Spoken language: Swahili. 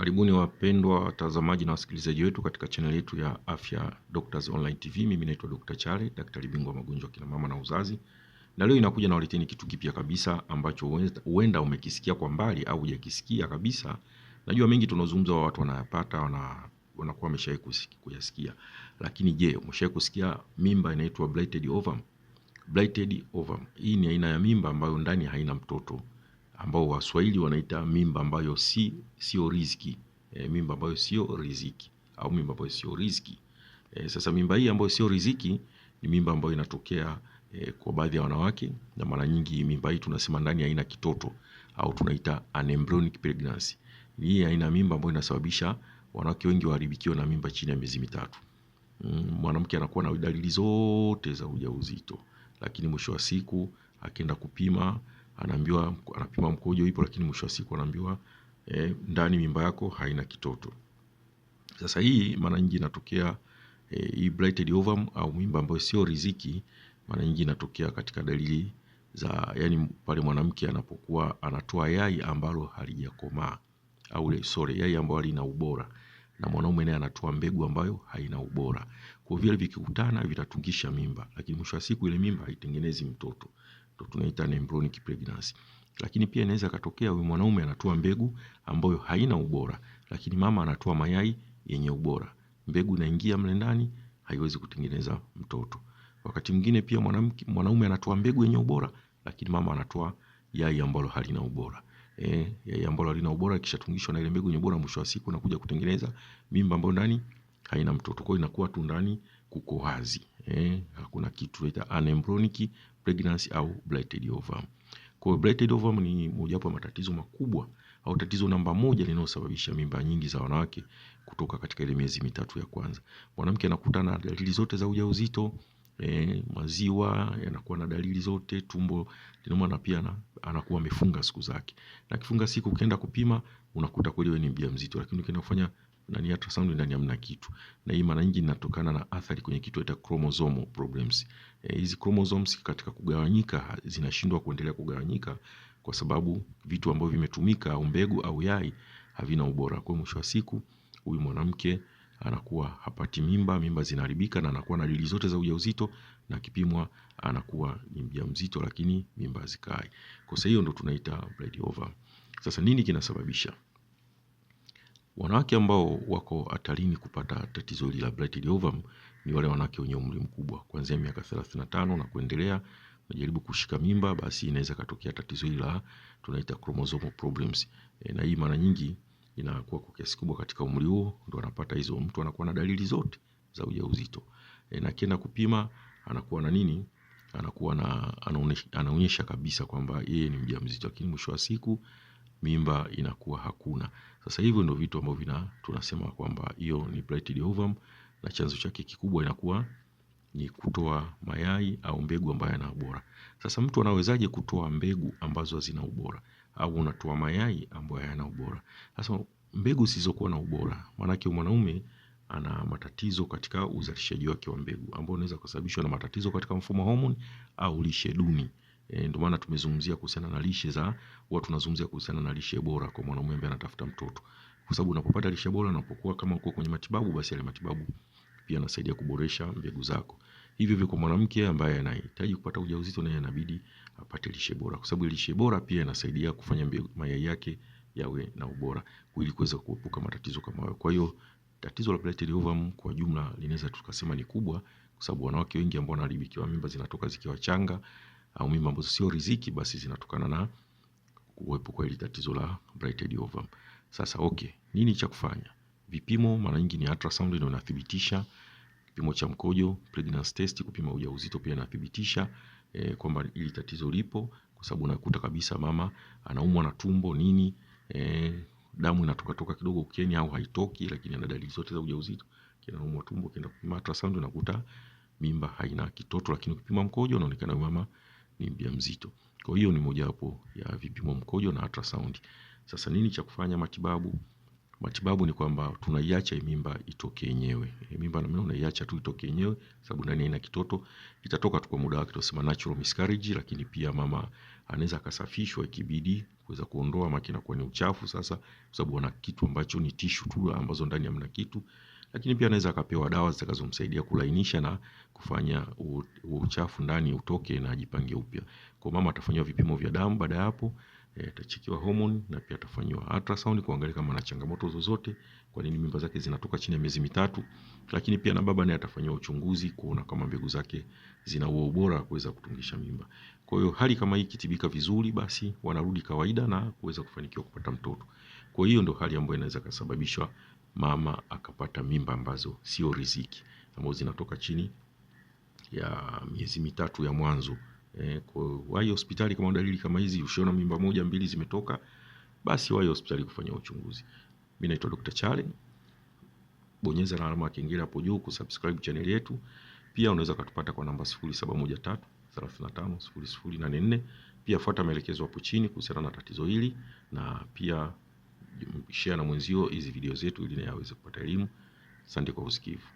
Karibuni wapendwa watazamaji na wasikilizaji wetu katika chaneli yetu ya Afya Doctors Online TV. Mimi naitwa Dr. Chale, daktari bingwa magonjwa ya kina mama na uzazi, na leo inakuja na waleteni kitu kipya kabisa ambacho huenda umekisikia kwa mbali au hujakisikia kabisa. Najua mengi tunazungumza wa watu wanayapata, wana wanakuwa wameshawahi kuyasikia, lakini je, umeshawahi kusikia mimba inaitwa blighted ovum? Blighted ovum hii ni aina ya mimba ambayo ndani haina mtoto ambao Waswahili wanaita mimba ambayo si sio riziki e, mimba ambayo sio riziki au mimba ambayo sio riziki e. Sasa mimba hii ambayo sio riziki ni mimba ambayo inatokea e, kwa baadhi ya wanawake, na mara nyingi mimba hii tunasema ndani haina kitoto au tunaita anembryonic pregnancy. Hii aina mimba ambayo inasababisha wanawake wengi waharibikiwa na mimba chini ya miezi mitatu. Mm, mwanamke anakuwa na dalili zote za ujauzito, lakini mwisho wa siku akienda kupima anaambiwa anapima mkojo ipo, lakini mwisho wa siku anaambiwa e, ndani mimba yako haina kitoto. Sasa hii mara nyingi inatokea e, hii blighted ovum au mimba ambayo sio riziki, mara nyingi inatokea katika dalili za yani, pale mwanamke anapokuwa anatoa yai ambalo halijakomaa au le, sorry, yai ambalo halina ubora na mwanaume naye anatoa mbegu ambayo haina ubora. Kwa vile vikikutana vitatungisha mimba, lakini mwisho wa siku ile mimba haitengenezi mtoto ndo tunaita embryonic pregnancy. Lakini pia inaweza katokea huyu mwanaume anatoa mbegu ambayo haina ubora, lakini mama anatoa mayai yenye ubora. Mbegu inaingia mle ndani, haiwezi kutengeneza mtoto. Wakati mwingine pia mwanaume anatoa mbegu yenye ubora, lakini mama anatoa yai ambalo halina ubora. Eh, yai ambalo halina ubora kisha tungishwa na ile mbegu yenye ubora, mwisho wa siku nakuja kutengeneza mimba ambayo ndani haina mtoto. Kwa hiyo inakuwa tu ndani kuko wazi. Eh, hakuna kitu inaitwa anembronic pregnancy au blighted ovum. Kwa blighted ovum ni mojawapo ya matatizo makubwa au tatizo namba moja linalosababisha mimba nyingi za wanawake kutoka katika ile miezi mitatu ya kwanza. Mwanamke anakutana na dalili zote za ujauzito, e, maziwa yanakuwa na dalili zote, tumbo linauma na pia na, anakuwa amefunga siku zake. Na kifunga siku ukienda kupima unakuta kweli wewe ni mjamzito, lakini ukienda kufanya ndani ya ultrasound ndani hamna kitu, na hii mara nyingi inatokana na athari kwenye kitu cha chromosome problems. Eh, hizi chromosomes katika kugawanyika zinashindwa kuendelea kugawanyika kwa sababu vitu ambavyo vimetumika au mbegu au yai havina ubora. Kwa mwisho wa siku huyu mwanamke anakuwa hapati mimba, mimba zinaharibika na anakuwa na dalili zote za ujauzito na kipimwa anakuwa ni mjamzito lakini mimba hazikai. Kwa hiyo ndo tunaita bleed over. Sasa nini kinasababisha? Wanawake ambao wako hatarini kupata tatizo hili la blighted ovum ni wale wanawake wenye umri mkubwa kuanzia miaka 35 na kuendelea, najaribu kushika mimba, basi inaweza katokea tatizo hili la tunaita chromosomal problems. E, na hii mara nyingi inakuwa kwa kiasi kubwa katika umri huo ndio anapata hizo, mtu anakuwa na dalili zote za ujauzito e, na kienda kupima anakuwa na nini, anakuwa na anaonyesha kabisa kwamba yeye ni mjamzito, lakini mwisho wa siku mimba inakuwa hakuna. Sasa hivyo ndio vitu ambavyo vina tunasema kwamba hiyo ni plated ovum na chanzo chake kikubwa inakuwa ni kutoa mayai au mbegu ambayo yana ubora. Sasa mtu anawezaje kutoa mbegu ambazo hazina ubora au unatoa mayai ambayo hayana ubora? Sasa mbegu zisizokuwa na ubora, maanake mwanaume ana matatizo katika uzalishaji wake wa mbegu ambao unaweza kusababishwa na matatizo katika mfumo wa homoni au lishe duni. E, ndio maana tumezungumzia kuhusiana na lishe za huwa tunazungumzia kuhusiana na lishe bora kwa mwanamume ambaye anatafuta mtoto, kwa sababu unapopata lishe bora, unapokuwa kama uko kwenye matibabu, basi yale matibabu pia yanasaidia kuboresha mbegu zako. Hivyo hivyo kwa mwanamke ambaye anahitaji kupata ujauzito, naye inabidi apate lishe bora, kwa sababu lishe bora pia inasaidia kufanya mayai yake yawe na ubora ili kuweza kuepuka matatizo kama hayo. Kwa hiyo tatizo la platelet ovum kwa jumla linaweza tukasema ni kubwa, kwa sababu wanawake wengi ambao wanaharibikiwa mimba zinatoka zikiwa changa au mimba ambazo sio riziki, basi zinatokana na kuwepo kwa ile tatizo la blighted ovum. Sasa okay, nini cha kufanya? Vipimo mara nyingi ni ultrasound ndio inathibitisha, kipimo cha mkojo, pregnancy test kupima ujauzito pia inathibitisha e, kwamba ili tatizo lipo, kwa sababu unakuta kabisa mama anaumwa na tumbo nini e, damu inatoka toka kidogo ukieni au haitoki, lakini ana dalili zote za ujauzito, kina kinaumwa tumbo, kenda kupima ultrasound unakuta mimba haina kitoto, lakini ukipima mkojo unaonekana mama ni mjamzito. Kwa hiyo ni mojawapo ya vipimo mkojo na ultrasound. Sasa nini cha kufanya matibabu? Matibabu ni kwamba tunaiacha mimba itoke yenyewe. Mimba na namna unaiacha tu itoke yenyewe sababu ndani ina kitoto, itatoka tu kwa muda wake tunasema natural miscarriage, lakini pia mama anaweza akasafishwa ikibidi kuweza kuondoa makina kwa ni uchafu sasa, kwa sababu ana kitu ambacho ni tishu tu ambazo ndani hamna kitu lakini pia anaweza akapewa dawa zitakazomsaidia kulainisha na kufanya uchafu ndani utoke na ajipange upya. Kwa mama atafanyiwa vipimo vya damu baada ya hapo eh, atachekiwa hormone na pia atafanyiwa ultrasound kuangalia kama ana changamoto zozote, kwa nini mimba zake zinatoka chini ya miezi mitatu. Lakini pia na baba naye atafanyiwa uchunguzi kuona kama mbegu zake zina huo ubora wa kuweza kutungisha mimba. Kwa hiyo hali kama hii ikitibika vizuri, basi wanarudi kawaida na kuweza kufanikiwa kupata mtoto. Kwa hiyo ndio hali ambayo inaweza kusababishwa mama akapata mimba ambazo sio riziki ambazo zinatoka chini ya miezi mitatu ya mwanzo e, kwa wahi hospitali kama dalili kama hizi ushiona mimba moja mbili zimetoka basi wai hospitali kufanya uchunguzi mimi naitwa Dr. Chale bonyeza na alama ya kengele hapo juu kusubscribe channel yetu pia unaweza kutupata kwa namba 0713 35 0084 pia fuata maelekezo hapo chini kuhusiana na tatizo hili na pia share na mwenzio hizi video zetu ili naye aweze kupata elimu. Asante kwa usikivu.